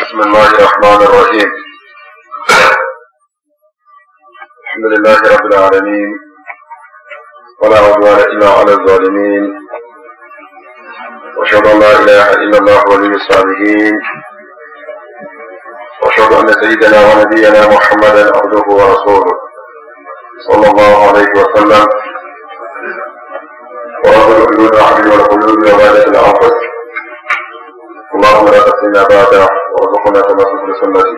بسم الله الرحمن الرحيم الحمد لله رب العالمين ولا عدوان إلا على الظالمين وأشهد أن لا إله إلا الله ولي الصالحين وأشهد أن سيدنا ونبينا محمدا عبده ورسوله صلى الله عليه وسلم ورب الحدود أحبي والقلوب وغادة الأنفس اللهم لا تأتينا بعده وارزقنا تمسك سنتي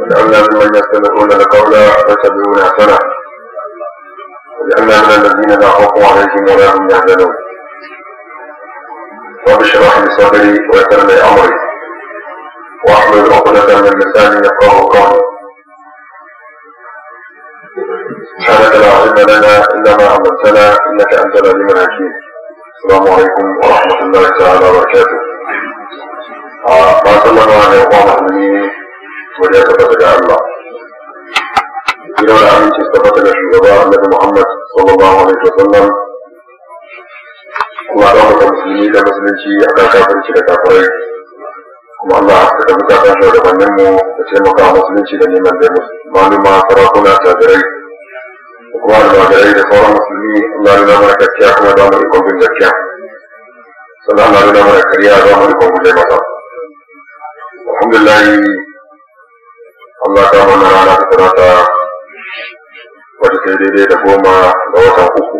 واجعلنا ممن يستمعون لقولا فيتبعون أحسنا واجعلنا من الذين لا خوف عليهم ولا هم يحزنون رب اشرح لي صدري ويسر لي امري وأحمل عقدة من لساني يفقه قولي سبحانك لا علم لنا الا ما علمتنا انك انت العليم الحكيم السلام عليكم ورحمه الله تعالى وبركاته Ah, ba sallama ne kuma musulmi ne wanda ya tabbata da Allah gidan da aminci tabbata da shugaba annabi Muhammad sallallahu alaihi wasallam kuma da kuma musulmi da musulunci a kan kafirci da kafirai kuma Allah ya tabbata da shugabannin mu da taimaka musulunci da neman da maluma sarakuna tabirai da kuma almajirai da sauran musulmi Allah ya zama gaskiya kuma da mu ikon bin gaskiya sannan Allah ya zama da kariya za mu ikon guje masa alhamdulillah Allah ta mana rana ta talata wata ta daidai da goma da watan uku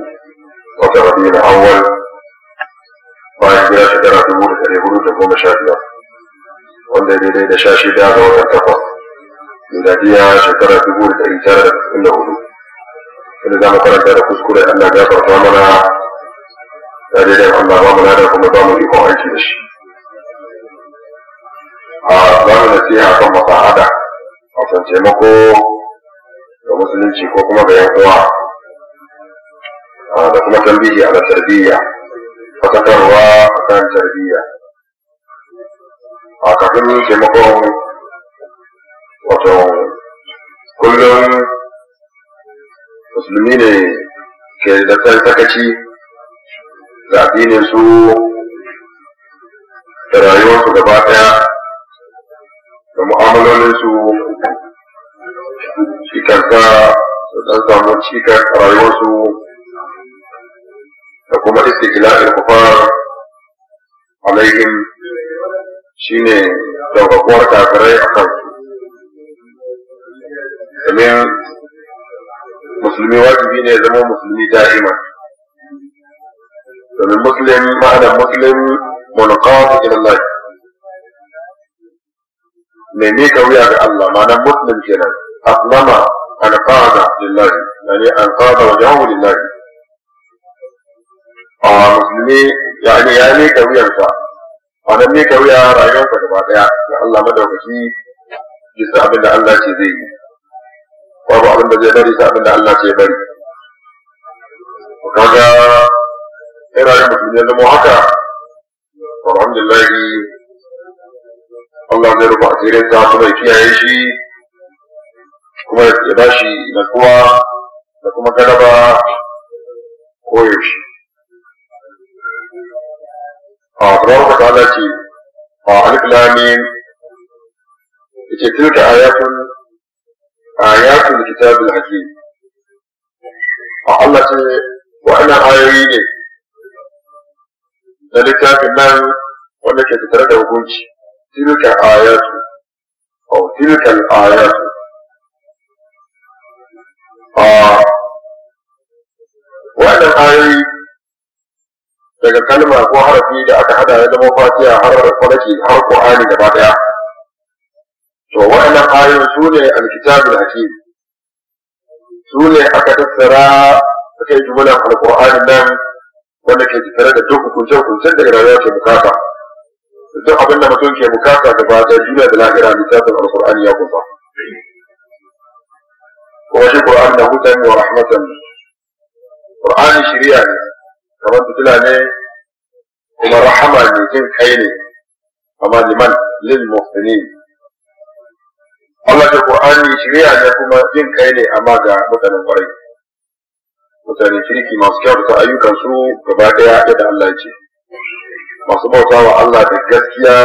watan rabi na awwal bayan gida shekara dubu da ɗari hudu da goma sha biyar wanda daidai da sha shida ga watan takwas miladiya shekara dubu da ɗari tara da tasirin da hudu inda za mu karanta da kuskure Allah ya farfa mana da daidai Allah ba mu da kuma ba mu ikon aiki da shi a zama da siya a kan masa'ada san taimako da musulunci ko kuma da yankuwa da kuma tambihi a da tarbiyya fatakarwa a kan tarbiyya a kafin taimakon wato kullum musulmi ne ke da tsakaci da addinin su da rayuwarsu gaba ɗaya Mu'amalolinsu, shi kansa su ɗan samu cikas a rayuwarsu da kuma istiqlalin kufar alaihim shine daukakuwar kafirai a kan domin musulmi wajibi ne zama musulmi da'ima domin muslim ma'anar muslim munqat ila Allah mai mika wuya ga Allah ma'ana muslim kenan aslama an qada lillahi yani an qada wajhahu lillahi a musulmi yani ya mika wuyarsa ma'ana mika wuya rayuwarsa gaba daya ga Allah madaukaki bisa abin da Allah ce zai yi babu abin da zai bari sai abinda Allah ce bari kaga irin musulmi ya zama haka alhamdulillah Allah zai rufa asirin ta kuma ya kiyaye shi kuma ya ba shi natsuwa da kuma galaba koyaushe. A tabaraka ta Allah ce a alƙalamin yace tilka ayatun ayatul kitabil hakim a Allah ce wa'annan ayoyi ne Na littafin nan wanda ke fitar da hukunci تلك آيات أو تلك الآيات وأنا آيات daga kalma ko harafi da aka hada ya zama fatiha har falaki har qur'ani gaba daya to wa'annan ayoyin su ne alkitabul hakim su ne aka tattara aka yi jumlar alqur'ani nan wanda ke tattare da duk hukunce hukuncen daga rayuwa ke bukata duk abin da mutum ke bukata da bata juna da lahira littafin alqur'ani ya kusa kuma shi qur'ani da hutan wa rahmatan qur'ani shari'a ne kamar fitila ne kuma rahama ne jin kai ne amma liman lil muhsinin Allah Ta Qur'ani shari'a ne kuma jin kai ne amma ga mutanen kwarai mutane kirki masu kyau da ayyukan su gaba daya yadda Allah ya ce masu bauta wa Allah da gaskiya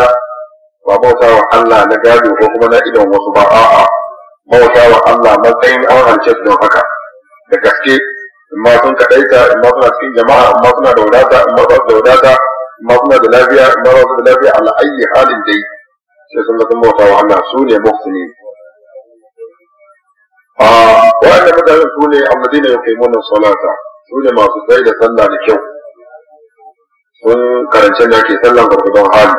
ba bauta wa Allah na gado ko kuma na idon wasu ba a'a bauta wa Allah matsayin an halice su don haka da gaske in ma sun kaɗaita in ma suna cikin jama'a in ma suna da wadata in ma ba su da wadata in ma suna da lafiya in ma ba su da lafiya ala ayyi halin dai sai sun ga sun bauta wa Allah su ne muhsini a ah, wa'anda mutane su ne alladina yuqimuna salata su ne masu tsaye da sallah da kyau mun karance da ke sallan don hali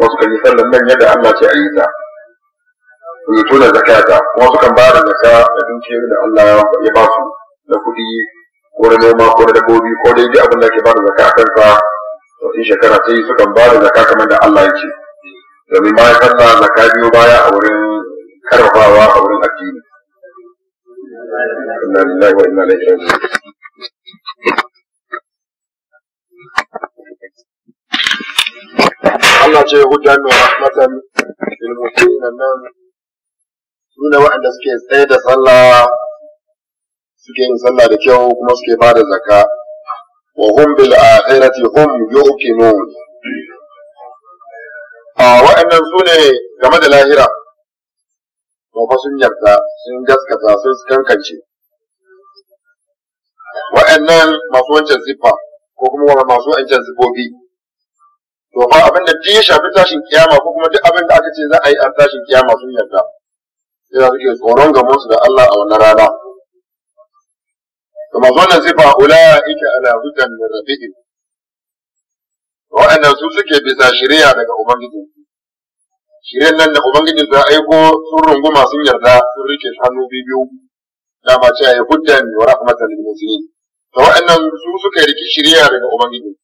wasu kan yi sallan nan yadda Allah ce a yi ta rubutu da zakata kuma sukan ba da zaka da dukiyoyin da Allah ya ba su na kuɗi ko da noma ko da dabbobi ko da yadda abin da ke ba da zaka a kansa in shekara sai sukan ba da zaka kamar da Allah ya ce domin bayan sallah zaka biyo baya a wurin karfafawa a wurin addini. Inna lillahi wa inna ilaihi raji'un. Allah ce ya hujja mai rahmatan lil mu'minin nan sune waɗanda suke tsaye da sallah suke yin sallah da kyau kuma suke ba da zakka wa hum bil akhirati hum yuqinun a wa'annan su ne game da lahira kuma sun yarda sun gaskata sun kankance waɗannan masu wancan siffa ko kuma masu wancan siffofi to fa abin da duk ya shafi tashin kiyama ko kuma duk abinda aka ce za a yi a tashin kiyama sun yarda sai za su iya tsoron gaban su da Allah a wannan rana kuma zonan sifa ula'ika ala hudan min rabbihim wa'annan su suke bisa shari'a daga ubangijin shirin nan da ubangijin za aiko sun runguma sun yarda sun rike hannu biyu dama ce ya hudan wa rahmatan lil muslimin to wa'annan su suka riki shari'a daga ubangijin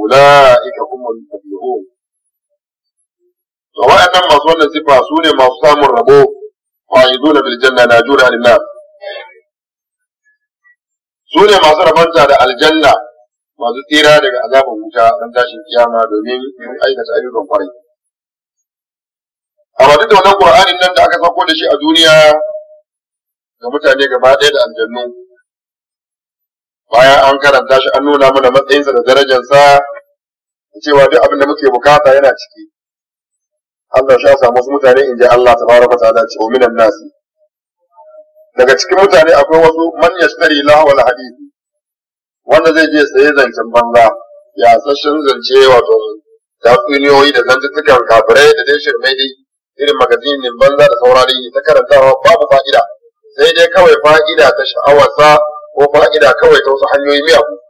ula'ika humul muflihun to waɗannan masu wannan sifa su ne masu samun rabo fa'iduna bil janna najuna lin nas su ne masu rabanta da aljanna masu tsira daga azabin wuta don tashin kiyama domin yin aikata ayyukan kwarai amma duk da wannan qur'anin nan da aka sako da shi a duniya ga mutane gaba ɗaya da aljannu bayan an karanta shi an nuna mana matsayinsa da darajarsa cewa duk abin da muke bukata yana ciki Allah sha samu wasu mutane in ji Allah ta fata da cewa minan nasi daga cikin mutane akwai wasu man shari lahawar hadith wanda zai je saye zancen banza ya sashen zance wato da kuniyoyi da zantuttukan kafirai da dai shirmai dai irin magazinin banza da saurari ta karantawa babu fa'ida sai dai kawai fa'ida ta sha'awarsa ko ida kawai ta wasu hanyoyi ku?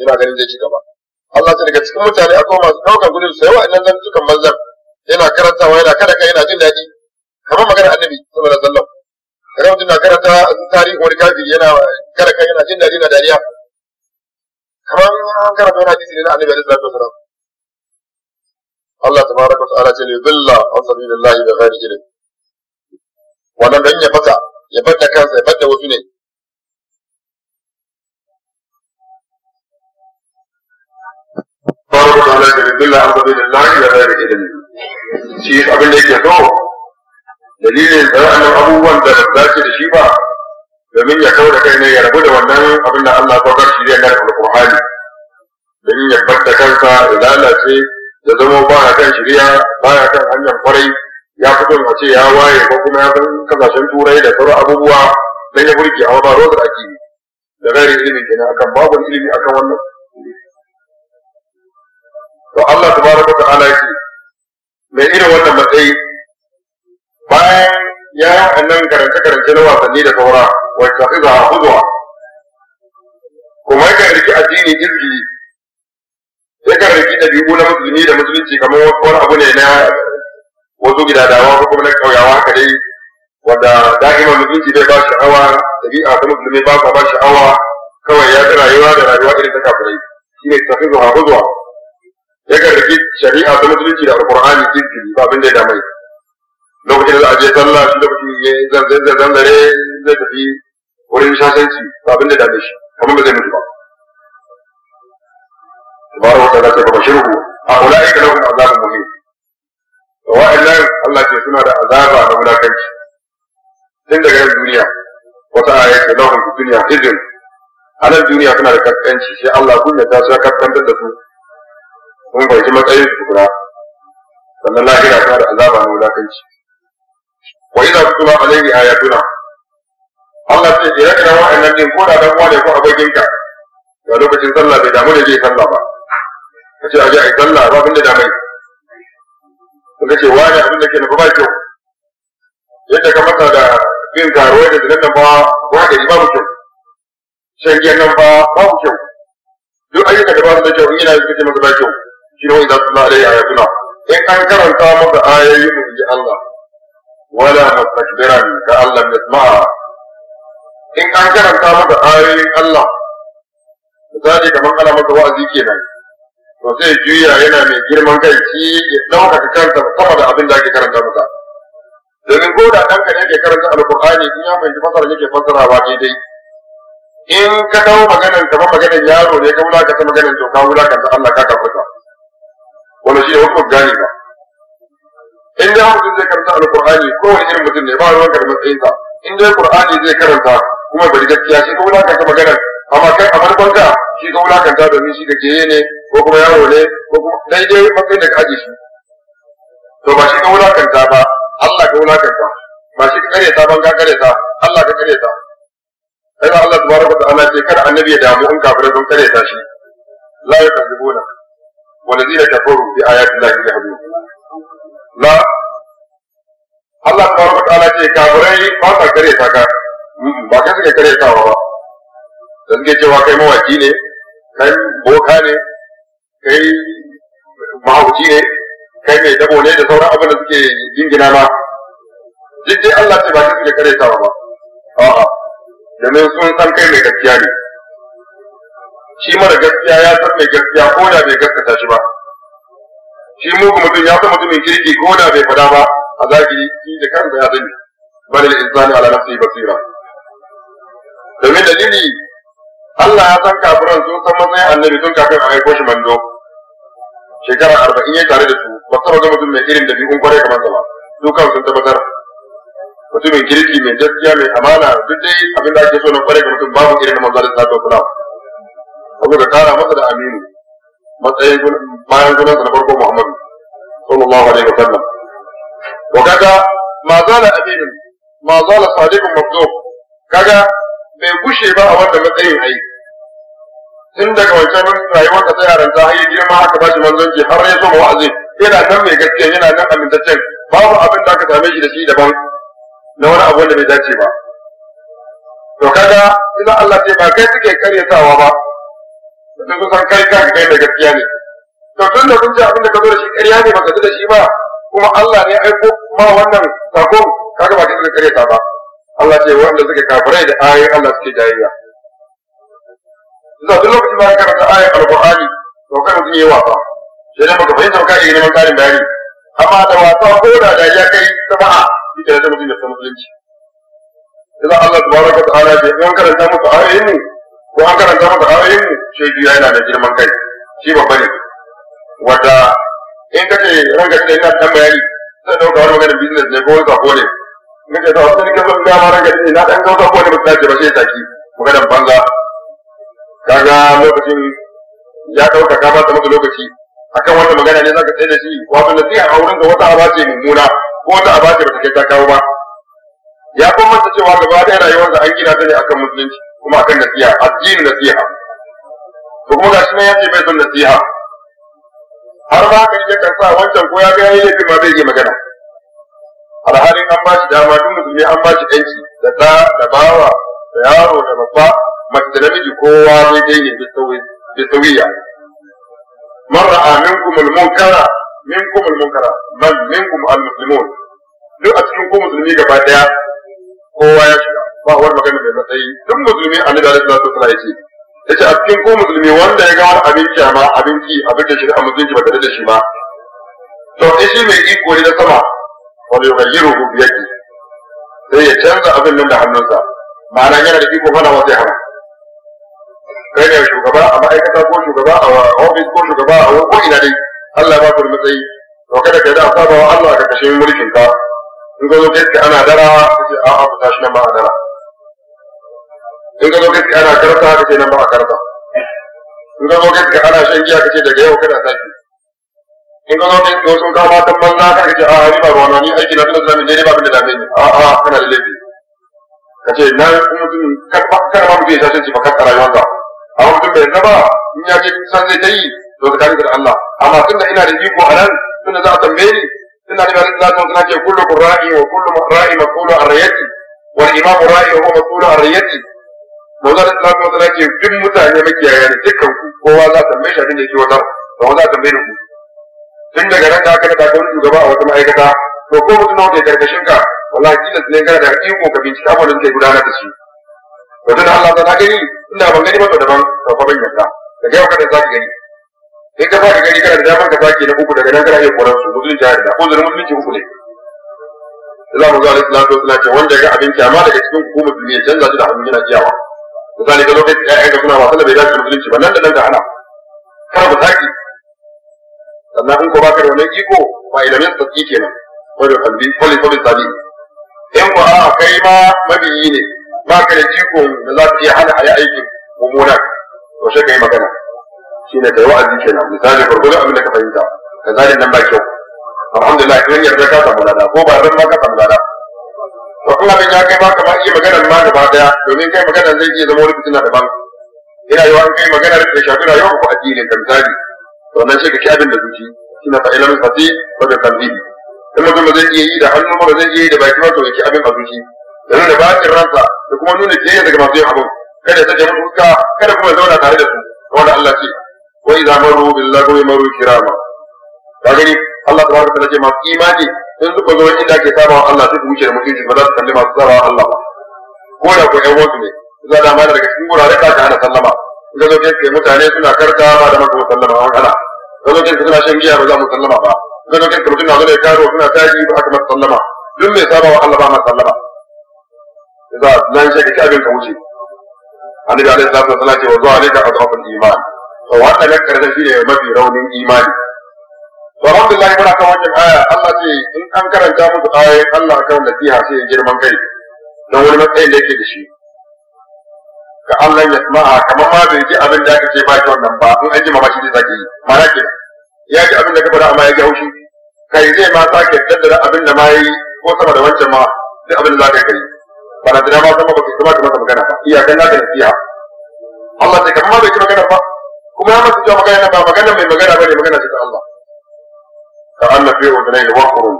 yana ganin zai ci gaba Allah ta daga cikin mutane a koma masu ɗaukar gudun sai wa'annan zantukan manzan yana karantawa yana kada kai yana jin daɗi kamar magana annabi saboda zallam kaga mutum na karanta tarihi wani kafi, yana kada kai yana jin daɗi na dariya kamar an karanta wani hadisi na annabi alaihi wasallam Allah tabaraka wa ta'ala ce li dhilla an sabilillahi bi ghairi ilm wannan dan ya fata ya fadda kansa ya fadda wasu zalika min dilla an sabili llahi wa zalika ilmi shi abin da yake so dalilin da wannan abubuwan da ba dace da shi ba domin ya kawo da kai ne ya rabu da wannan abin da Allah saukar shi zai nan alƙur'ani domin ya fadda kansa ya lalace ya zama ba ya kan shirya ba ya kan hanyar kwarai ya fito a ce ya waye ko kuma ya san kasashen turai da sauran abubuwa dan ya burge a ba rozar aƙi da gairin ilimi kenan akan babu ilimi akan wannan to Allah tabaraka ta'ala ya ce mai irin wannan matsayi bayan ya yi wannan karance-karance na wasanni da saura wacce su za a huzuwa kuma ya karki addini izgili ya karki ɗabi'u na musulmi da musulunci kamar wani abu ne na wasu gidadawa ko kuma na ƙauyawa haka dai wanda da'ima musulunci bai ba sha'awa ɗabi'a ta musulmi ba ba sha'awa kawai ya ta rayuwa da rayuwa irin ta kafirai shi ne tafi zuwa huzuwa ya karbi shari'a ta musulunci da alqur'ani jinkiri ba abin da ya damai. lokacin da za je sallah shi lokacin ya zanzare zanzare zai tafi wurin shasanci ba abin da dame shi kamar ba zai mutu ba tabaraka wa ta'ala ta babashiru a ulaika lahum azabun muhim to wa'annan Allah ce suna da azaba na wulakanci tun daga nan duniya wata aya ce lahum duniya hizin a nan duniya suna da kaskanci sai Allah kunya ta sa kaskantar da su mun fahimci matsayin su guda sannan lahira ta da azaba na wulakanci wa su tutla alayhi ayatuna Allah ce ire iren wa'annan din ko da dan uwa ne ko abokin ka da lokacin sallah bai damu da zai sallah ba kace a ai sallah ba abin da damai kuma ce wani abin da ke nufa ba kyau yadda ka masa da bin karuwa da zinan nan ba wa da babu kyau shan giyan nan ba babu kyau duk ayyuka da ba su da kyau in yana yi kace masa ba kyau shi ne wanda su lalai ya tuna in an karanta masa ayoyi mu ji Allah wala mustakbiran ka Allah ya yasma'a in an karanta masa ayoyin Allah misali kamar ana masa wa'azi kenan to zai juya yana mai girman kai shi ya ɗaukaka kansa sama da abin da ake karanta masa domin ko da ɗanka ne ke karanta alƙur'ani in ya fahimci fasara yake fasarawa daidai in ka dawo maganar kamar maganar yaro ne ka wulakanta maganar to ka wulakanta Allah ka tabbata wanda shi ne wasu gani ba in dai mutum zai karanta Alƙur'ani, ko wani irin mutum ne ba ruwan karɓar tsayinsa in dai ƙur'ani zai karanta kuma bari gaskiya shi ka wulakanta maganar amma kai a farkonta shi ka wulakanta domin shi gajeye ne ko kuma yaro ne ko kuma dai matsayin da ka aje shi to ba shi ka wulakanta ba Allah ka wulakanta ba shi ka kareta ban ka kareta Allah ka kareta sai Allah tabaraka wa ta'ala ce kada annabi ya damu in kafirai sun kareta shi la yakazibuna والذين كفروا بآيات الله يجحدون لا Allah tabaraka ta'ala ce kafirai ba sa kare ta ba kai suke kare ta ba da suke cewa kai mawaki ne kai boka ne kai mahauci ne kai mai dabo ne da sauran abin da suke jingina ma duk dai Allah ce ba kai suke kare ta ba a'a domin sun san kai mai gaskiya ne shi mara gaskiya ya san mai gaskiya ko da bai gaskata shi ba shi mugu mutum ya san mutumin kirki ko da bai faɗa ba a zahiri shi da kansa ya sani bal al insani ala nafsihi basira domin dalili Allah ya san kafiran sun san matsayin annabi tun kafin a haifo shi mando shekara arba'in ya tare da su ba ta ga mutum mai irin dabi'un kwarai kamar sa ba su sun tabbatar mutumin kirki mai gaskiya mai amana duk dai abin da ake so na kware ga mutum babu irin na manzo da ta kula da kara masa da aminu matsayin bayan sunan sa na farko Muhammadu sallallahu alaihi wa sallam wa kaga ma zala aminu ma zala sadiqun mabdub kaga bai gushe ba a wanda matsayin ai tun daga wancan rayuwar ka ta yaranta har girma aka ba shi manzanci har ya zama wa'azi yana nan mai gaskiya yana nan amintaccen babu abin da aka same shi da shi daban na wani abu wanda bai dace ba to kaga idan Allah ce ba kai suke karyatawa ba sun kusan kai kan kai da gaskiya ne to tun da kun ji abin da ka zo da shi ƙarya ne ka ji da shi ba kuma Allah ne aiko ma wannan sakon kaga ba kisan ƙaryata ba Allah ce wanda suke kafirai da ayoyin Allah suke jayayya zuwa duk lokacin da ka karanta ayoyin alƙur'ani to kan mutum yi wasa sai dai baka fahimta ka ne neman karin bayani amma da wasa ko da da ya kai sama'a ita da mutum ya san musulunci idan Allah tabaraka ta'ala bai karanta muku ayoyin ko an karanta maka ayoyin mu eh, shaidu yana da girman kai shi babba ne wata in ka ce ranka ce ina dan bayani sai da wani maganin business ne ko wani sako ne nake ta wasu nake son gama ranga ce na dan gausa kone ne ba ce ba sai taki Maganin banza kaga lokacin ya dauka ka ba ta maka lokaci akan wannan magana ne zaka tsaye da shi wato nasiha a wurin da wata aba ce mummuna ko wata aba ce ba ta kai ta kawo ba ya kuma cewa gaba ɗaya da an gina ta ne akan musulunci kuma akan nasiha addini nasiha to kuma gashi nan yake ce bai son nasiha har ba ka yake kan sa wancan ko ya ga yayi laifin ma bai yi magana alhalin an ba shi dama duk musulmi an ba shi yanci da da da bawa da yaro da babba mace da namiji kowa zai daidai da sauyiya من munkara منكم المنكر munkara المنكر من al muslimun duk a cikin ko musulmi gaba daya kowa ya shiga ba wani magana mai matsayi duk musulmi annabi alaihi salatu wasallam yace yace a cikin ko musulmi wanda ya ga wani abin kyama abin ki abin da a musulunci ba tare da shi ba to shi mai iko ne na sama wani yughayyiruhu bi yadi sai ya canza abin nan da hannunsa ma'ana yana da iko fara wata hannu. kai ne shugaba a ma'aikata ko shugaba a ofis ko shugaba a wani ko dai Allah ba ku matsayi to kada ka da saba wa Allah ka kashe mulkin ka in ga zo kai ana dara kace a'a ku shi nan ba a dara in ka zo ka ce ana karta ka ce nan ba a karta in ka zo ka ce ana shan giya ka ce daga yau kana sake in ka zo ka ce sun kama ta banza ka ce a ni ba ruwa ni aiki na tana zamin ne ba abin da dame ni a a kana da laifi ka ce na mutum kar ma mutum ya sashen ci ba karta rayuwarsa amma mutum bai zaba in ya ce san zai ta yi to ka da Allah amma tunda ina da iko a nan tunda za a tambaye ni tunda ni ba za a tana ce kullu qurra'i wa kullu ra'i maqulu ar-rayati wal imamu ra'i wa huwa maqulu ar-rayati manzo da Allah wata ce duk mutane makiyaya ne dukkan ku kowa za ta mai shafin da ke wata ba za ta mai ku tun daga ran da aka naɗa ka wani shugaba a wata ma'aikata to ko mutum na wata karkashin ka wallahi tilas ne kana da iko ka bincika abin da suke gudanar da shi wajen Allah ta na gani ina ban gani ba to daban ka fa ban yarda da gaya kada za ka gani sai ka fara gani kana da damar ka sake na uku daga nan kana iya koran su mutum jihar da ko zurin mutunci uku ne Allah mu zuwa alaihi salatu ce wanda ya ga abin kyama daga cikin hukumar duniya canza shi da hannun yana jiyawa misali ga lokacin ya'yan ka suna wasan da bai dace musulunci ba nan da nan da hana kar mu saki sannan in ko ba ka da wannan iko ba ilimin tsaki kenan wani kalbi kwalli kwalli sabi in ko a kai ma mabiyi ne ba ka da jiko da za ka iya hana a yi aikin mummuna to sai ka yi magana shi ne ka yi wa'azi kenan misali gwargwado abin da ka fahimta ka zalin nan ba kyau alhamdulillah in yarda ka samu lada ko ba yarda ma ka samu lada to in abin ya kai ba ka ma iya maganar ma gaba daya domin kai maganar zai iya zama wani fitina daban ina yawa in kai maganar da shafi rayuwar ku addinin ka misali to nan sai ka ci abin da zuci shine fa ilal fati wa bi qalbihi in mutum zai iya yi da hannu ba zai iya yi da baki ba to ya abin a zuci da bakin bacin ransa da kuma nuna biyayya daga masu yin abin kada ya sake mutu kada kuma zauna tare da su wanda Allah ce wa idza maru billahi maru kirama ka gani Allah tabaraka ta'ala ce masu imani in suka zo inda ke saba wa Allah suka wuce da mutunci ba za su kalli masu saba Allah ba ko da ko ƴan wasu ne za da ma daga cikin wurare ka ta hana sallama in ka zo ke mutane suna karta ba da maka sallama an hana ka zo ke suna shan giya ba za mu sallama ba ka zo ke mutum na zo da karo suna taji ba aka masa sallama duk mai saba wa Allah ba ma sallama za nan shi ka ci abin ka wuce annabi alaihi salatu wasallam ce wa zuwa ne ka azabul iman to wannan lakkar da shi ne mafi raunin imani alhamdulillah muna kan wannan aya Allah ce in an karanta muku ayoyin Allah akan nasiha sai in girman kai don wani matsayin da yake da shi Ka Allah ya sama'a ah, kamar ma bai ji abin da aka ce ba shi wannan ba in an ji mamashi zai sake yi ma'ana ke ya ji abin da ka faɗa amma ya ji haushi kai zai ma sake daddara abin da ma ya yi ko sama da wancan ma duk abin da za ka yi ba na ma sama ba su kuma ka masa magana ba iyakan naka nasiha Allah ce kamar ma bai ji magana ba kuma ya su cewa magana ba magana mai magana ba ne magana ce ta Allah da Allah fi wa zalai wa qurun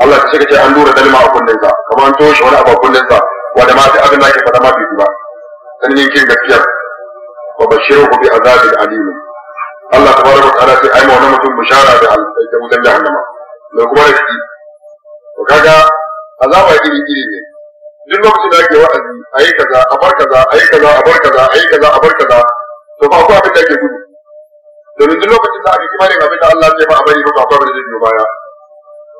Allah ta shiga ce an lura dalma a kullun sa kamar an toshe wani abu a kullun sa wanda ma sai abin da yake fada ma bai ba dan yin kin gaskiya wa bashiruhu bi azabil alim Allah tabaraka ta'ala sai ai wannan mutum bishara da da wutar jahannama da kuma da shi to kaga azaba iri iri ne duk lokacin da ake wa'azi ayi kaza a bar kaza ayi kaza a bar kaza ayi kaza a bar kaza to ba ku abin da ke gudu duk lokacin da aka kima ne abin da Allah ya ba a bari ba ba zai biyo baya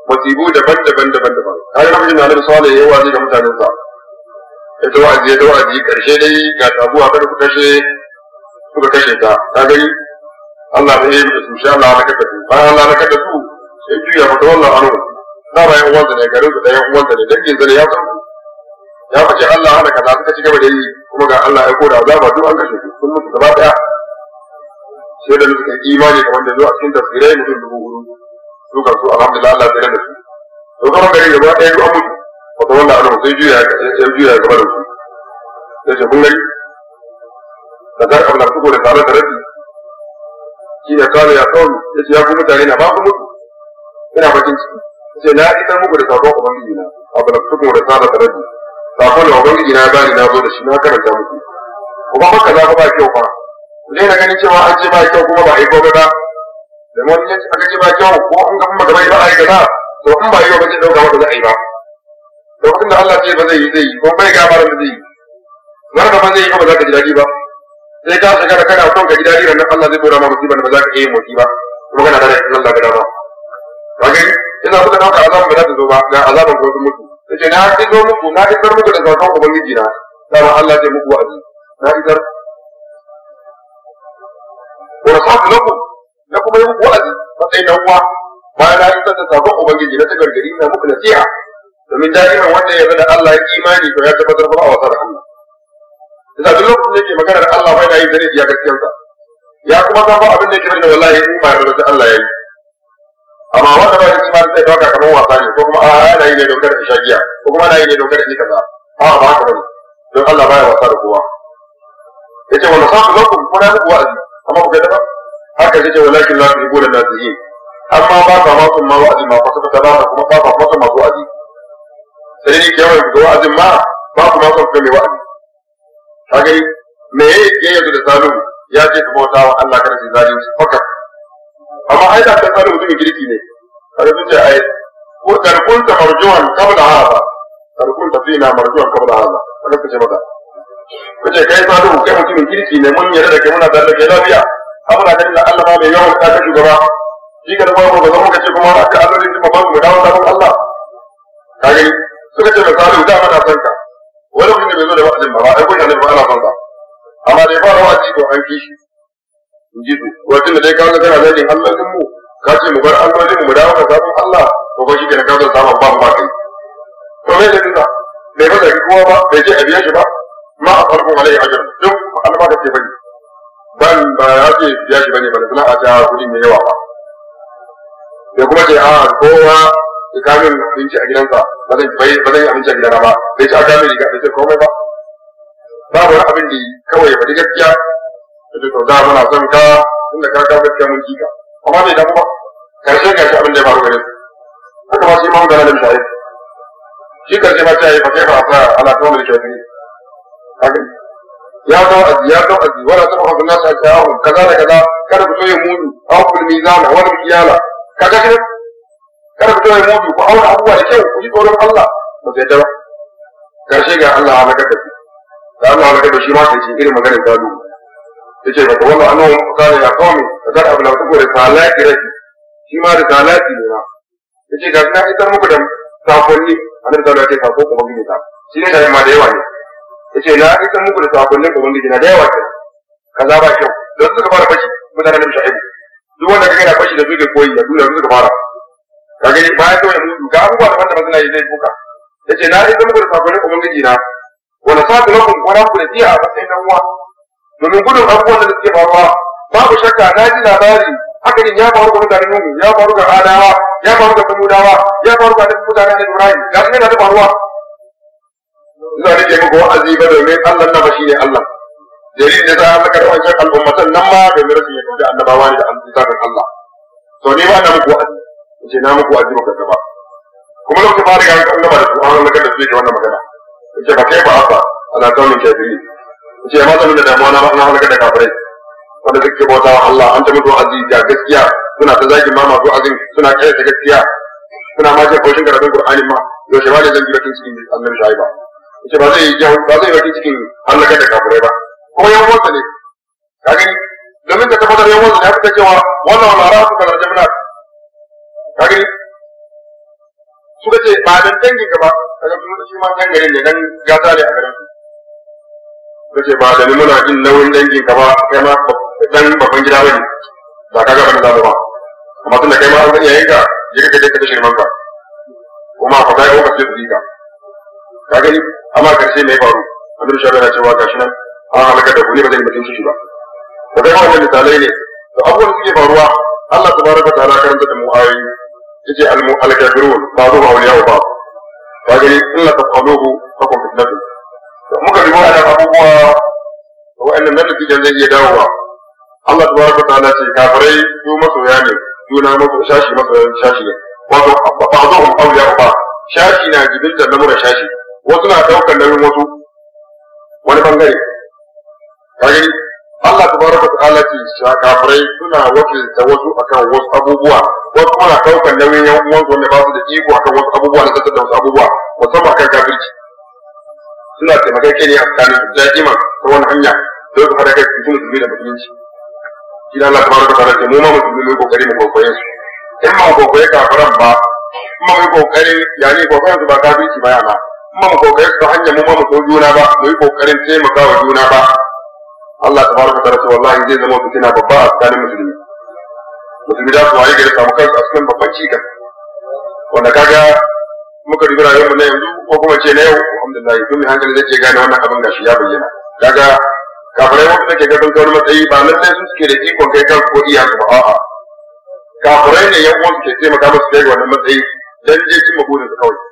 musibu daban daban daban daban har lokacin da Annabi sallallahu alaihi wasallam da mutanen sa ya ta wa'azi ya ta wa'azi karshe dai ga tabuwa kada ku kashe kuka kashe ta ta gani Allah bai yi da su sha Allah na kada su bayan Allah na kada su sai juya fata wannan anu na ba yan uwansa ne garin su da yan uwansa ne dangin zane ya samu. ya fice Allah hana kaza suka ci gaba da yi kuma ga Allah ya koda azaba duk an kashe su sun mutu gaba daya sai da suka yi imani kamar da a cikin tafsirai mutum dubu hudu su kan su alhamdulillah Allah tsere da su to kuma gari gaba ɗaya duk an mutu wata wanda ana sai juya ya juya gaba da su sai ce kun gari da zai kamar su ko da tare da rabi shi ne kawai ya kawo ya ce ya ku mutane na ba ku mutu ina bakin ciki Ya ce na ita muku da sabon ubangiji na abu da kuma da sada da rabi sakon da ubangiji na bani na zo da shi na karanta muku kuma haka za ka ba kyau fa zai na ganin cewa an ce ba kyau kuma ba a yi gobe ba da wani yanci aka ce ba kyau ko an gaba gaba ba a yi gaza to in ba yi ba zai dauka wata za a yi ba lokacin da Allah ce ba zai yi zai yi ko bai ga mara zai yi Wani da ba zai yi ba za ka ji daɗi ba sai ka shiga da kana son ka ji daɗi nan Allah zai dora ma musiba da ba za ka iya motsi ba kuma kana da Allah ga dama ba ga ina suka dauka azaban ba za ta zo ba ga azaban ko sun mutu yace na zo muku na idar muku da sauran ubangiji na dama Allah zai muku wa'azi na idar wa rasul lakum na kuma yin wa'azi matsayin dan uwa bayan na isar da sabon ubangiji na ta gargari na muku nasiha domin da'iman wanda ya da Allah ya imani to ya tabbatar ba a wasa da Allah da duk lokacin da yake maganar Allah bai da yi zane ya gaskiyarsa ya kuma san ba abin da yake da wallahi in ba yarda Allah ya yi amma wanda ba da imani sai dauka wasa ne ko kuma a ana ko kuma ana yi ne dokar ni kaza a ba don Allah baya wasa da kowa yace wala sabu ku kuna ku wa'azi amma ku ga ba haka yace walakin la gura da zai amma ba ka ba ku ma wa'azi ma fa ta ba kuma ba ku kuma masu wa'azi sai ni ke yawan ga wa'azin ma ba ku ma kun mai wa'azi yi, me yake yanzu da salu ya je ta bauta wa Allah kada sai zalunci faka amma ai da ta salu mutum girki ne kada su ce ai ko tarkunta marjuwan kabla hada tarkunta fina marjuwan kabla hada kada ku ce mata ku ce kai salihu kai mutumin kirki ne mun yarda da kai muna da kai lafiya amma na da Allah ma bai yawan ta gaba shi ka ba mu ba za mu ka ce kuma aka Allah ne ba mu dawo da Allah ka gani suka ce da salihu da mana san ka wani mutum bai zo da wa'azin ba ba ai kun annabi ba ana san amma dai fara wa'azi ko an kishi in ji su wajen da dai ka ga kana zagin Allah din mu ka ce mu bar Allah mu dawo da sabon Allah ko ba shi ke na ka zo sabon ba ba kai to me ne dinka bai ba da kowa ba bai je a shi ba farkon alai ajar duk alba ka ce bane ban ba ya ce biya shi bane ba da a ta kudin yawa ba da kuma ce a kowa ya kamin abinci a gidansa ba zan yi abinci a gidana ba bai ci a kamin riga bai ce komai ba babu wani abin da kawai ba gaskiya da ta tauta son ka tunda ka kawo gaskiya mun kika amma bai damu ba karshe karshe abin ya faru haka ma shi ma mun gana ta yi ya zo aji ya zo aji wala ta hafa na sa ta hawa kaza da kaza kada ku soye mudu aw bil mizana wal miyala kaga kada kada ku soye mudu ku auna abubuwa da kyau ku ji tsoron Allah ba sai ba karshe ga Allah a halaka da shi da Allah ya halaka da shi ma sai shi irin maganar gado yace ba wannan annabi kana ya kawai kadar abu la ku da salati rafi shi ma da salati ne Ya ce ga na idan muku da safonni, a sakonni annabi sallallahu alaihi wasallam ko kuma gidi ta shi ne da ma da yawa ne yace na isan muku da sakonnin ga wanda gina da yawa ke kaza ba kyau don suka fara fashi mutanen da shahidu duk wanda kaga na fashi da zuke koyi ya duniya suka fara ka gani bayan kawai mutu ga abubuwa da wanda ba suna yi zai buka yace na isan muku da sakonnin ga wanda gina wala sa da lakum wala ku da tiya a matsayin dan uwa domin gudun abubuwan da suke faruwa babu shakka na ji labari haka ne ya faru ga mutanen Nuhu ya faru ga Adawa ya faru ga Samudawa ya faru ga mutanen Ibrahim ga ne na da faruwa ina rike muku wa'azi ba domin Allah na ba shi ne Allah dalilin da za a saka da wancan al'ummatan nan ma domin rashin yadda da annabawa ne da annabin Allah to ni ba na muku wa'azi ce na muku wa'azi ba kaddaba kuma lokacin ba riga an gama da su an lakar da su yake wannan magana ce ba kai ba haka ala kaunin kafiri ce ma zan da damuwa na ba na halaka da kafirai wanda suke bauta wa Allah an ta mutu wa'azi da gaskiya suna ta zagin ma masu wa'azin suna kai ta gaskiya suna ma ce kaushin karatun Qur'ani ma yaushe ba ne zan ji bakin cikin annabi ce ba zai jawo ba zai baki cikin halaka da kafirai ba kuma yan wasa ne ka gani domin ka tabbatar yan wasa ne aka cewa wannan wani ara suka zarge muna ka gani suka ce ba dan dangin ka ba kaga sun shi ma dan garin ne dan gata ne a garin suka ce ba dan muna jin nauyin dangin ka ba kai ma dan babban gida bane ba kaga ba da ba amma tunda kai ma an gani yayin ka je ka je ka shirman ka kuma fa dai ka ce ka ka gani amma ce mai faru annabi shafi na cewa gashi nan an halaka da kuni ba zai mutunci shi ba da dai wannan misalai ne to abubuwan suke faruwa Allah tabaraka ta'ala karanta da mu ayoyi yace alaƙa alkafirun ba zo ba waliya ba ka gani illa taqaluhu fakum fitnatu to muka bi wannan abubuwa wa'annan nan natijan zai iya dawowa Allah tabaraka ta'ala ce kafirai su masoya ne juna masu shashi masoyan shashi ne wato ba zo ba waliya ba shashi na jibinta na mura shashi wasu na daukar nauyin wasu wani bangare kage Allah ta ta'ala ce shakafirai suna wakilta wasu akan wasu abubuwa wasu kuma na daukar nauyin yan uwansu wanda ba su da iko akan wasu abubuwa da tattalin wasu abubuwa musamman kan suna tsakanin ta wani hanya don su fara kai su musulmi da musulunci shi Allah tabaraka ta'ala ce mu ma musulmi mu kokari mu kokoye su in ma kokoye kafiran ba kuma kokarin kokari ta hanyar mu ma mu juna ba mu yi kokarin taimaka wa juna ba Allah ta baraka ta rasu wallahi zai zama fitina babba a tsakanin musulmi musulmi da su waye gari samu kansu a cikin babban cikas wanda kaga muka dubi rayuwarmu na yanzu ko kuma ce na yau alhamdulillah tun mai hankali zai ce gane wannan abin gashi ya bayyana kaga kafirai wanda ga gaban kawar matsayi ba sai su suke da ikon kai kan ko iyasu ba a'a kafirai ne yan uwansu ke taimaka musu kai wannan matsayi dan je mabudin su kawai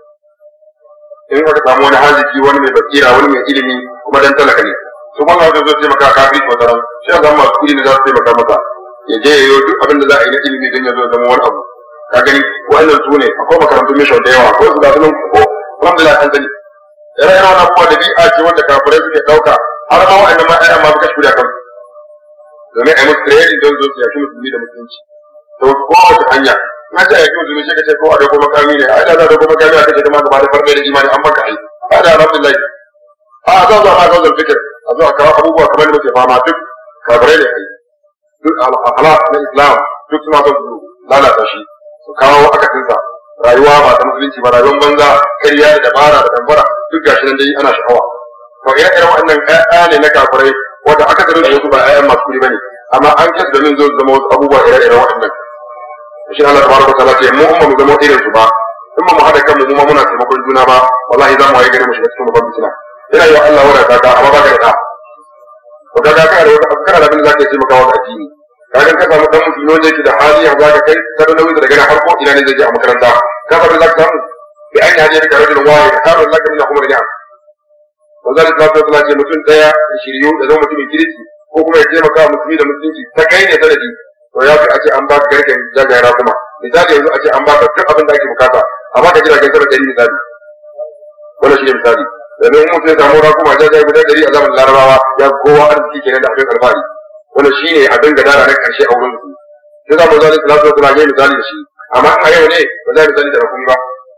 in aka samu wani haziki wani mai basira wani mai ilimi kuma dan talaka ne to kuma zo ce maka kafi ko taron shi ya zama masu kuɗi ne za su taimaka masa ya je yayo duk abin da za a yi na ilimi don ya zo zama wani abu ka gani wannan su ne akwai makarantu mission da yawa ko su ga sunan ko alhamdulillah an sani yana yana na kuma da bi'a ce wanda kafirai suke dauka har ma wa'annan ma ai amma suka shirya kansu domin ai yi musu training don zo su yaki musulmi da musulunci to kowace hanya na ce ya kyau sai ka ce ko a dogo makami ne a da dogo makami a kace kuma gaba da farko da imani an maka ai a da alhamdulillah a za za ma ga zan fikir a zo a kawo abubuwa kamar da muke fama duk kabare ne kai duk alhala na islam duk suna son su lalata shi su kawo aka akasinsa rayuwa ba ta musulunci ba rayuwar banza kariya, da dabara da tambara duk gashi nan dai ana sha'awa to ire iren waɗannan ƴaƴa ne na kafirai wanda aka gano da su ba ƴaƴan masu kuɗi bane amma an kasa domin zo zama wasu abubuwa ire iren waɗannan shi Allah tabaraka wa ta'ala ce mu umma mu zama irin su ba in ba mu hada kanmu mu ma muna taimakon juna ba wallahi za mu waye gari mu shiga cikin babban fitina yana yi wa Allah wada kaka amma ba ka da ta ko kaga kana da wata kana da abin da zaka yi maka wa addini kaga ka samu dan mutum yoje ki da hali yanzu zaka kai kada nauyi da daga har ko ina ne zai je a makaranta ka samu zaka samu bi an yaje ka rajul wahid karu laka min kuma riya ko zai ka ta tsala ce mutum daya shiryu da zama mutumin kirki ko kuma ya taimaka musulmi da musulunci ta kai ne sanadi to ya fi a ce an ba ka garken zagayen za misali yanzu a ce an ba ka duk abin da ake bukata a ba ka jiragen sama yi misali wannan shi ne misali domin in mutum ya samu rakuma jajaye guda ɗari a zaman larabawa ya kowa arziki kenan da abin alfahari wannan shi ne abin da dara na ƙarshe a wurin su sai za mu zali salatu kuma ne misali da shi amma a yau ne ba za mu misali da rakumi ba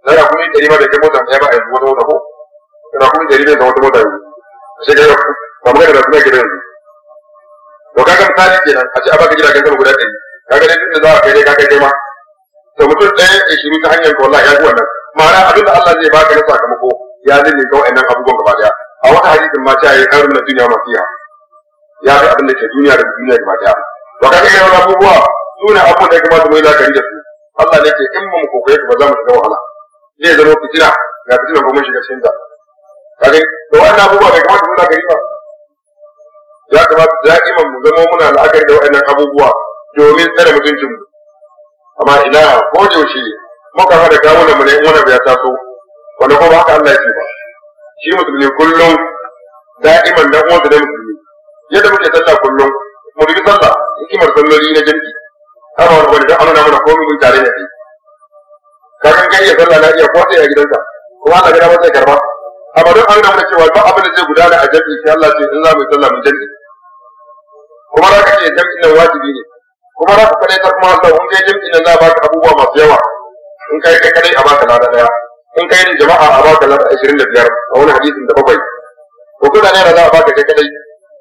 za a kuma ɗari ma da kai mota ɗaya ba a yanzu wata mota ko rakumi ɗari bai zama wata mota yanzu sai ka yi ba mu ga da rakumi ke yanzu to kaga misali kenan a ce a baka jiragen sama guda ɗari kaga dai tun da za a kai dai ka kai ma to mutum ɗaya ya shiru ta hanyar ka wallahi ya ji wannan ma'ana abin da Allah zai baka na sakamako ya zai ne kawai nan abubuwan gaba daya a wata hadisin ma cewa ya karu na duniya masu yawa ya fi abin da ke duniya da duniya gaba daya to kaga irin abubuwa su ne abubuwan da ya kamata mu yi la'akari da su Allah ne ke in mu kokoye ba za mu shiga wahala zai zama fitina ga fitina ba mun shiga cikin ta kaga to wannan abubuwa bai kamata mu la'akari ba ya kamata da'iman mu zama muna la'akari da waɗannan abubuwa domin tsare mutuncin mu amma ina ko yaushe muka fara kawo da mun ne wani ta taso wala ko ba ka Allah ya ce ba shi musulmi kullum da'iman dan uwansa da musulmi yadda muke sallah kullum mu dubi sallah hikimar salloli na jami'i kama wani wani dan amana mana komai mun tare ne kai kakan kai ya sallah na iya ko a gidansa kuma Allah ya ba sai karba amma don an nuna cewa ba abin da zai gudana a jami'i sai Allah ce in za mu yi sallah mu jami'i kuma za ka ce jam'in nan wajibi ne kuma za ka ta kuma Allah in kai jam'in nan za ba ka abubuwa masu yawa in kai ka kare a baka lada daya in kai ni jama'a a baka lada ashirin da biyar a wani hadisin da bakwai ko kuma naira za a baka kai kadai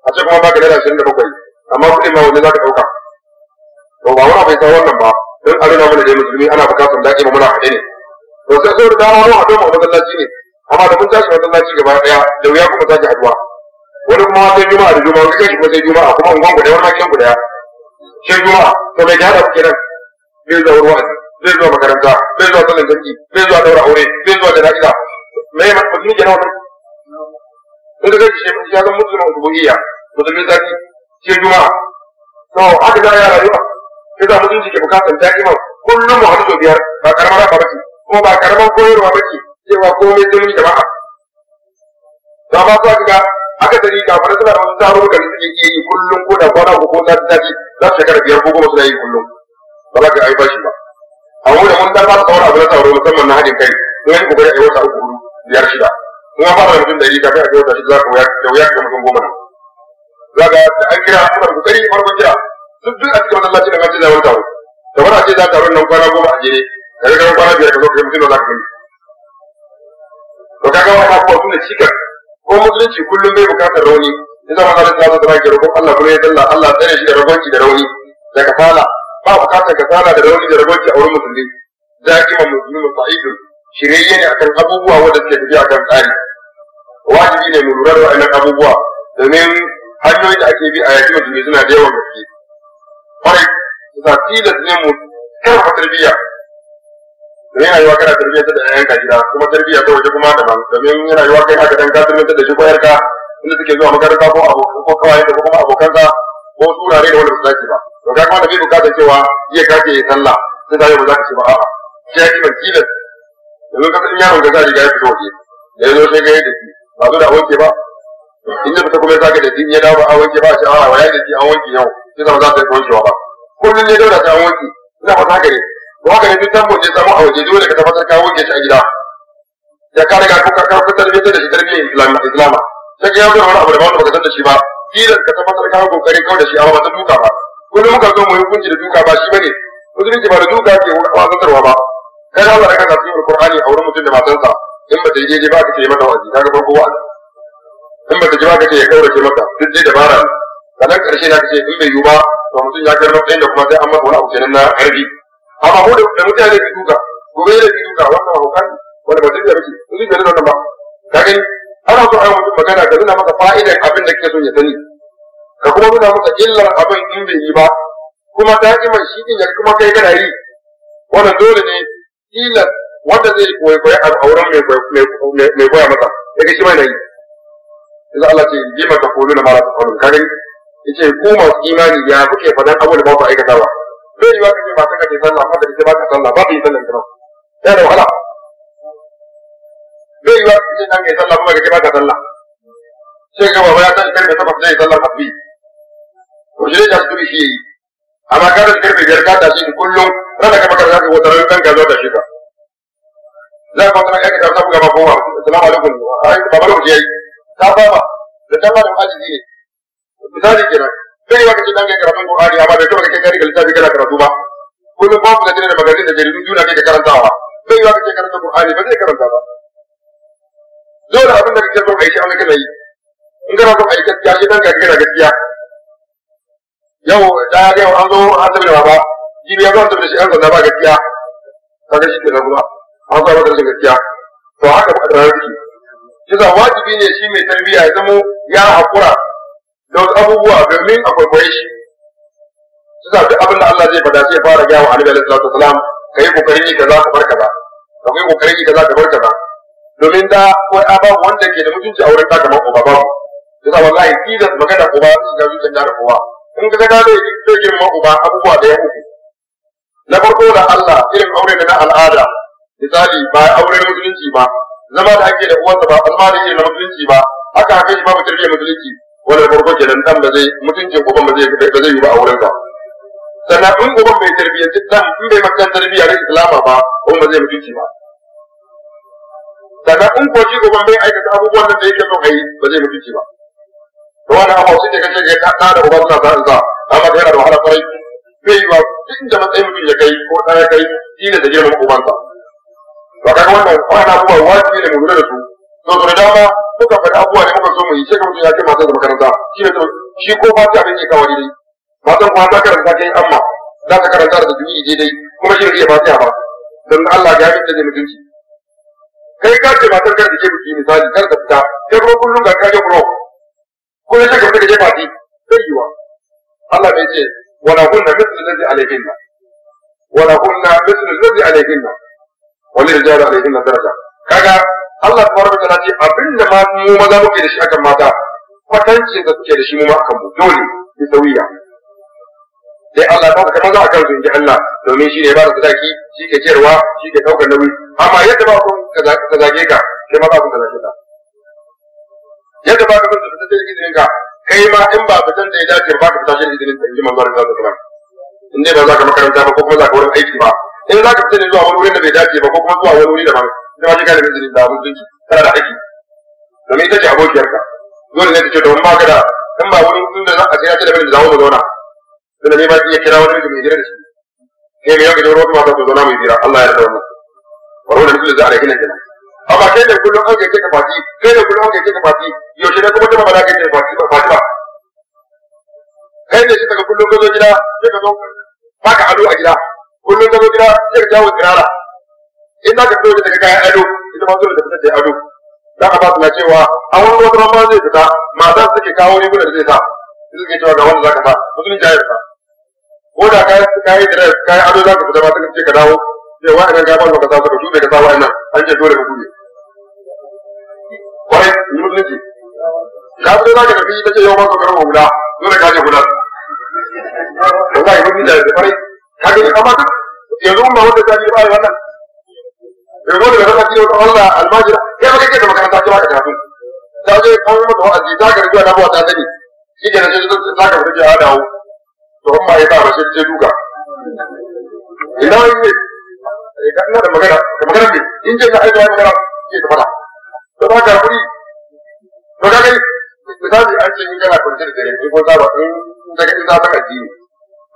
a ce kuma baka lada ashirin da bakwai amma kuɗin ma wani za ka ɗauka to ba wani bai san wannan ba don a nuna mana dai musulmi ana bukatar daɗi ma muna haɗe ne to sai sai da dawo a doma a masallaci ne amma da mun tashi masallaci gaba ɗaya da wuya kuma sake haɗuwa wani kuma sai juma'a da juma'a wani kanshi kuma sai juma'a kuma unguwan guda wani makin guda sai juma'a to mai jihada kuke nan zai zuwa ruwa zai zuwa makaranta zai zuwa sallan sarki zai zuwa daura aure zai zuwa jana'iza mai mutum ke nan wani sun ka kai shi ya zama musulman ubuhiyya mutumin sarki sai juma'a to haka za a yi rayuwa sai za mutum ke bukatar da'iman kullum mu hadu biyar ba karamar haka ba ce kuma ba karamar koyarwa ba ce cewa komai sun mun jama'a. ba ku ga haka ni kafin suna da mun tsaro da su iya yi kullum ko da kwana ko sati sati za su karbi biyar ko goma suna yi kullum ba za ka ai bashi ba a wurin mun ta fara a abu na tsaro musamman na hadin kai mun yi kokarin a wata wata uku biyar shida Mun ba da mutum dari kafin a kai wata shida za ka wuya da wuya ka mutum goma nan za ka da an kira suna da kokari farkon kira duk duk a cikin masallaci da mace da wani taro da wani a ce za a taron nan kwana goma a jere da rikarin kwana biyar ka zo ka yi mutum da za ka gani to kaga wani abubuwa suna cikar ko musulunci kullum bai bukatar rauni ya zama da tsara tsara ke rabon Allah kuma ya dalla Allah tsare shi da ragonki da rauni da kafala ba bukatar kafala da rauni da ragonki a wurin musulmi zaki ma musulmi sa'idun shirye ne akan abubuwa wanda suke tafiya akan tsari wajibi ne mu lura da wa'annan abubuwa domin hanyoyin da ake bi a yaki musulmi suna da yawan gaske kwarai da tilas ne mu karfafa tarbiyya domin yana kana tarbiyyar da yayan ka gida kuma tarbiyya ta waje kuma daban domin yana kai haka dan ka tarbiyyar da shi ko yarka inda suke zuwa makaranta ko abokan ko da kuma abokanka ko turare da wanda ba su ba to ga kuma da bai bukatar cewa iya kake sallah sai ba za ka ce ba a'a sai ya kiban tilas yanzu ka san yaron da za a riga ya fito waje da ya zo sai ga yadda ba zo da wanke ba in da kuma ya sake da shi ya dawo ba a wanke ba a ce a'a wa ya da a an wanke yau sai zama za ta yi wankewa ba kullum ne daura ta an wanke ina ba ta to haka ne duk tambo ke zama a waje dole ka tabbatar ka wuce shi a gida ya ka riga ko ka ka tarbiyyar da shi tarbiyyar islamiyya islama sai ka yawo wani abu da ba ka san da shi ba kila ka tabbatar ka kokarin kawo da shi amma ba ta duka ba kullum muka zo mu yi hukunci da duka ba shi bane musulunci ba da duka ke wazantarwa ba kai da Allah da kanka cikin alqur'ani a wurin mutum da matansa in ba ta yi daidai ba ka ce mata ka ga farko wa in ba ta ji ba ka ce ya kaurace maka duk dai dabara kana karshe na ka ce in bai yi ba to mutum ya karɓa matsayin da kuma sai an masa wani abu kenan na harbi amma ko da mutane da duka gobe da duka wannan hauka ne wanda ba zai da rike zai da ba kai ana so a yi mutum magana da nuna masa fa'idan abin da kake so ya sani ka kuma nuna masa illar abin in bai yi ba kuma da'iman shi din ya kuma kai kana yi wannan dole ne illar wanda zai koyi koyi a auren mai koya masa ya ga shi mai na yi yanzu Allah ce yi mata kolo na mara ta kwanu ka gani yace ku masu imani ya kuke fadan abu da ba ku aikata ba zai yi waka ce ba ka ke sallah haka da ba ka sallah ba ka yi sallah kuma ya da wahala zai yi waka ce nan ka sallah kuma ka ce ba ka sallah sai ka baba ya tashi karfe takwas zai yi sallah kafi to shi ne jasuri shi yi amma ka tashi karfe biyar ka tashi kullum ranar ka makar za ka wata ranar ka zo ta shi ka za ka wata ranar ka samu gaba kowa assalamu alaikum ai babar mu je yi ta fama da tabbata mu aji ne misali kenan sai ya kace dan kai karatun Qur'ani amma bai taba kace kai littafi kana karatu ba kullum babu da jira da maganin da jaridun juna kake karantawa sai ya kace karanta Qur'ani ba zai karanta ba dole abin da kake so kai shi an kana yi in kana so kai gaskiya shi dan kai kana gaskiya yau da yau an zo an tabbata baba jibi ya zo an tabbata shi an zanna ba gaskiya kaga shi kenan kuma an zo da gaskiya to haka ba da rabi shi wajibi ne shi mai tarbiyya ya zamo ya hakura da wasu abubuwa domin a kwaikwaye shi su sa abin da Allah zai faɗa sai fara gawa wa annabi alaihi salatu wasalam ka yi kokarin yi kaza ka barka ba, ka yi kokarin yi kaza ka barka ba. domin da ko a babu wanda ke da mutunci a wurin ka kamar uba babu yasa wallahi kizas magana uba su ga zuciyar da kowa in ka ga dai to girma ba abubuwa da ya uku na farko da Allah irin aure da na al'ada misali ba auren musulunci ba zama da ake da uwarsa ba amma da yake na musulunci ba haka haka shi babu tarbiyyar musulunci wani farko kenan dan ba zai mutuncin uban ba zai ba zai yi ba a wurin ka sannan in uban bai tarbiyyanci dan in bai maka tarbiyya na islama ba uban ba zai mutunci ba sannan in ko shi uban bai aikata abubuwan nan da yake son ayi ba zai mutunci ba to wannan abu ka kace ya ka da uban sa za sa amma yana da wahala kwarai bai ba duk da matsayin mutum ya kai ko ya kai dina ne da girman sa. ba kaga wannan wannan kuma wajibi ne mu lura da su to da dama muka faɗi abubuwa ne muka so mu yi sai kuma ya ce masu da makaranta shi ne shi ko ba ta ne kawai dai matan kuma ta karanta kai amma za ta karanta da juyi dai kuma shi ne ba ta ba don Allah ya yi da mutunci kai ka ce matar kar da ke biki misali kar da fita kai ko kullum ka kaje bro ko ya ce ka fita je fati sai yiwa Allah bai ce wala kunna mithlu alladhi alayhinna wala kunna mithlu alladhi alayhinna walil rijali alayhinna daraja kaga Allah tabaraka ta'ala ce abin da ma mu maza muke da shi akan mata kwatancin da suke da shi mu ma akan mu dole bi sauya sai Allah ta kamar za a kan zungi Allah domin shi ne ba da sadaki shi ke cewa shi ke daukar nauyi amma yadda ba ku ka zage ka kai ma ba ku ka zage ka yadda ba ka mutu da take izinin ka kai ma in ba fitan da ya dace ba ka tashi izinin ka ji manzon Allah sallallahu alaihi in dai ba za ka makaranta ba ko kuma za ka wurin aiki ba in za ka fita ne zuwa wani wurin da bai dace ba ko kuma zuwa wani wuri daban ita wace kada izinin da abinci tana da haƙƙi domin ita ce abokiyarka dole ne ta ce domin baka da in ba wurin za a sai ya ce da mijin mu zauna ne ba ki iya kira wani mijin mai gida da shi ne mai kuma zauna mai Allah ya da da a gina amma kai da kullum an kai ka fati kai da kullum an kai ka fati yaushe da kuma ta fati ba ba kai da shi kullum ka zo gida sai ka zo baka ado a gida kullum ka zo gida sai ka jawo in za ka fito da daga kayan ado ita ma dole da fitar da ado za ba su na cewa a wani wata ma zai fita mata suke kawo riguna da zai sa suke cewa ga wanda za ka sa musulun jayar sa ko da kayan kayan dress kayan ado zaka fita ma suka ce ka dawo sai wa'annan ga ban ka sa suka shube ka sa wa'annan an ce dole ka kube kwarai ni musulunci ka fito zaka tafi ita ce yau ma ka karɓa hula dole ka je hula wallahi mutum da kwarai ka ga amma duk yanzu mun ba wanda ta ji ba wannan bai zo da rana cikin wata Allah almajira makaranta ba ka ta ta sani shi ya ba duka ina ne eh, na da magana da magana ne in je na aika magana ke ta fada to ba ka hakuri to ka gani misali an ce in da ko ta ba in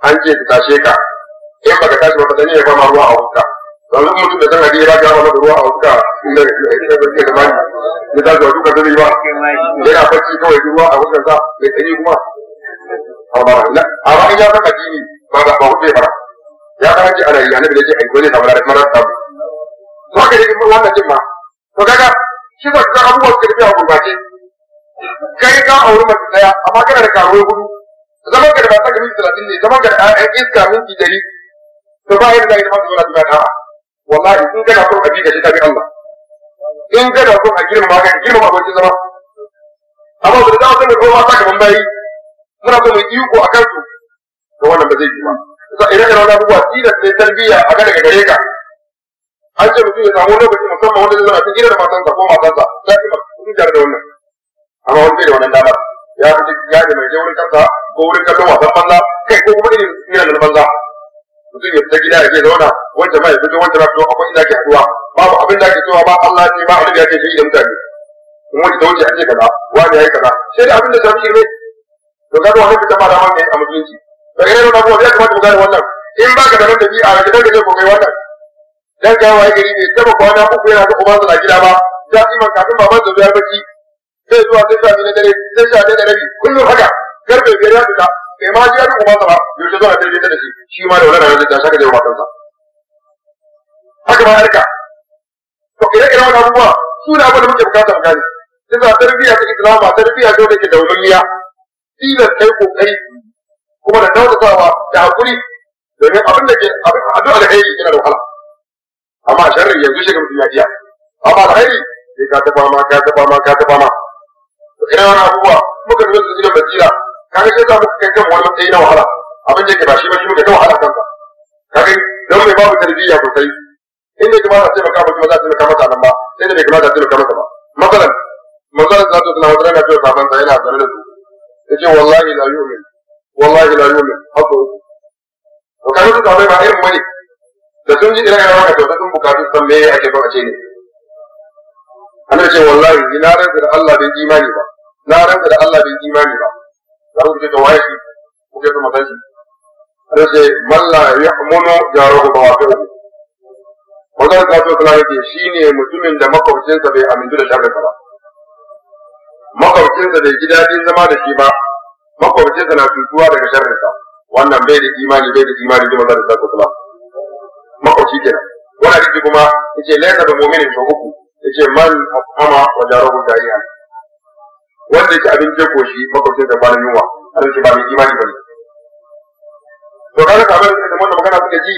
an ce ka ya ruwa a wuta yanzu mutum da kan hadiyar ya gama ruwa a wuta inda ya barke da mani ya ta zuwa duka dare ba yana bacci kawai ruwa a wutar sa mai tsaye kuma amma in ya san addini ba za ba wuce fara ya san hajji ana yi annabi da ce ne gole samu ladan ta samu to haka ne kuma wannan jin ma to kaga shi ba ka abubuwa suke tafiya a gurbace kai ka auri mace daya amma kana da karuwar hudu zaman ka da ba ta gami talatin ne zaman ka da iska minti dari to ba yadda ka yi da masu zuwa duniya ta'a wallahi in gana son aji ka shi tabi Allah in gana son a girma ka girma abokin zama amma ba da zama ko ba ta kaman bayi muna so mu iko a kansu to wannan ba zai yi ba sai idan kana wani abubuwa tilas ne tarbiyya a ga daga gare ka an ce mutum ya samu lokaci musamman wanda zai zama cikin gidan matansa ko matansa za ki mutum tare da wannan amma wani bai da wannan damar ya fi ya da mai je wurin kansa ko wurin kallon wasan banza kai ko kuma irin irin banza mutum ya fita gida ya je zauna wancan ma ya fito wancan ma fito akwai inda ke haɗuwa babu abin da ake cewa ba Allah ne ba abin da ake shi da mutane kuma wani ta wuce a ce kaza wani ya yi kaza sai da abin da shafi ne to ga wani fita ma da wani a musulunci da irin wannan abubuwa ya kamata mu gane wannan in ba ka da nan tafiya a gidan da zai kokai wannan dan ga wai gari ne taba kwana uku yana ga ubansa na gida ba ya iman kafin baban da zuwa bacci sai zuwa sai sami na dare sai sha da rabi kullum haka garbe biyar ya fita kai ma ji yadda kuma sama yaushe zuwa ta ta da shi shi ma da wani rayuwar ta shaka da yawa matarsa haka ma harka to ire iren wani abubuwa su ne abin da muke bukatar gani ina tarbiyya ta islama tarbiyya ta da ke dauriya tilas kai ko kai kuma da tautatawa da hakuri domin abin da ke addu'a da kai yana da wahala amma sharri yanzu shi ga mutum ya iya amma alheri sai ka tafa ma ka tafa ma ka tafa ma. ina wani abubuwa muka lura da su da basira kaga sai za mu kai kan wani matsayi na wahala abin da ke ba shi ba shi muke ta wahala kansa kaga don mai babu tarbiyya sosai inda ya kamata a taimaka mutum ba za a taimaka masa nan ba sai da bai kamata a taimaka masa ba masalan manzalar da ta tana wata rana ta saban sa yana tare da su ya wallahi la yu'min wallahi la yu'min haka uku to kaga su sabai ba irin wani da sun ji ina yana maka to sun bukatu san me ake ba a ce ne ana ce wallahi ni na da Allah bin imani ba na rantsa da Allah bin imani ba za ku da waye shi ku ce kuma sai sai ce malla ya'munu jaruhu bawaqihi wannan da to kula yake shine mutumin da makwabcinsa bai amintu da sharri ba makwabcinsa bai ji dadin zama da shi ba makwabcinsa na tutuwa daga sharri wannan bai da imani bai da imani da manzon da kula makwabci kenan wannan kuma yace laysa da mu'minin shuhuku yace man afama wa jaruhu da'iyan wanda yake abin je koshi makwabcin da kwanan yunwa an ce ba mai imani ba ne to kaga kamar da kuma wannan magana suka ji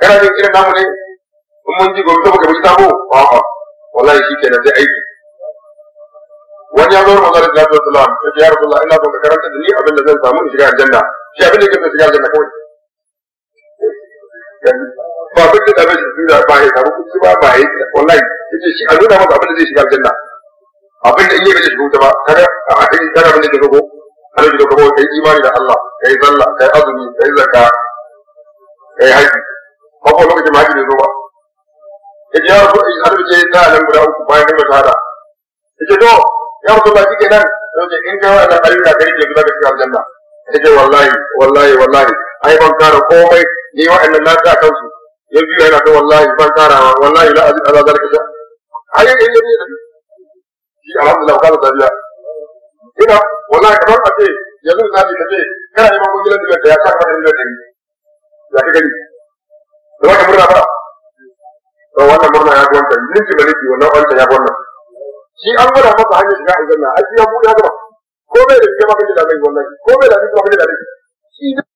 kana jin irin namu ne in mun ji gobe to baka bi sabo a'a wallahi shikenan sai aiki wani ya zo manzo da sallallahu alaihi wasallam ya ce ya rasulullah ina son ka karanta da ni abin da zan samu in shiga aljanna shi abin da yake son shiga aljanna kawai ba kun da abin da ba ya samu kuɗi ba ba ya wallahi yace shi a nuna masa abin da zai shiga aljanna abin da in yi shiga wuta ba kada a in kada abin da ke kago kada ki kago kai imani da Allah kai zalla kai azumi kai zakka kai haji ko ko lokacin ma haji bai zo ba yace ya rabu annabi ce da nan guda uku bayan kai mata da yace to ya rabu ba kike nan yace in kai da ayyuka kai ke zuwa ga cikin aljanna yace wallahi wallahi wallahi ai ban kara komai ni wa'annan na ta kansu ya biyu yana ta wallahi ban kara wallahi la azid ala zalika ai ai ai shi alhamdulillah ka da biya ina wallahi kamar a ce yanzu na ji kace kana neman kungilan da ya saka mata miliyan ɗari ya ka gani da wata murna ba to wannan murna ya ga wancan ninki ba ninki wannan wancan ya ga wannan shi an gwada masa hanyar shiga aljanna a shi ya buɗe ya gaba ko bai da shi ma kake da mai wannan ko bai da shi ma kake da shi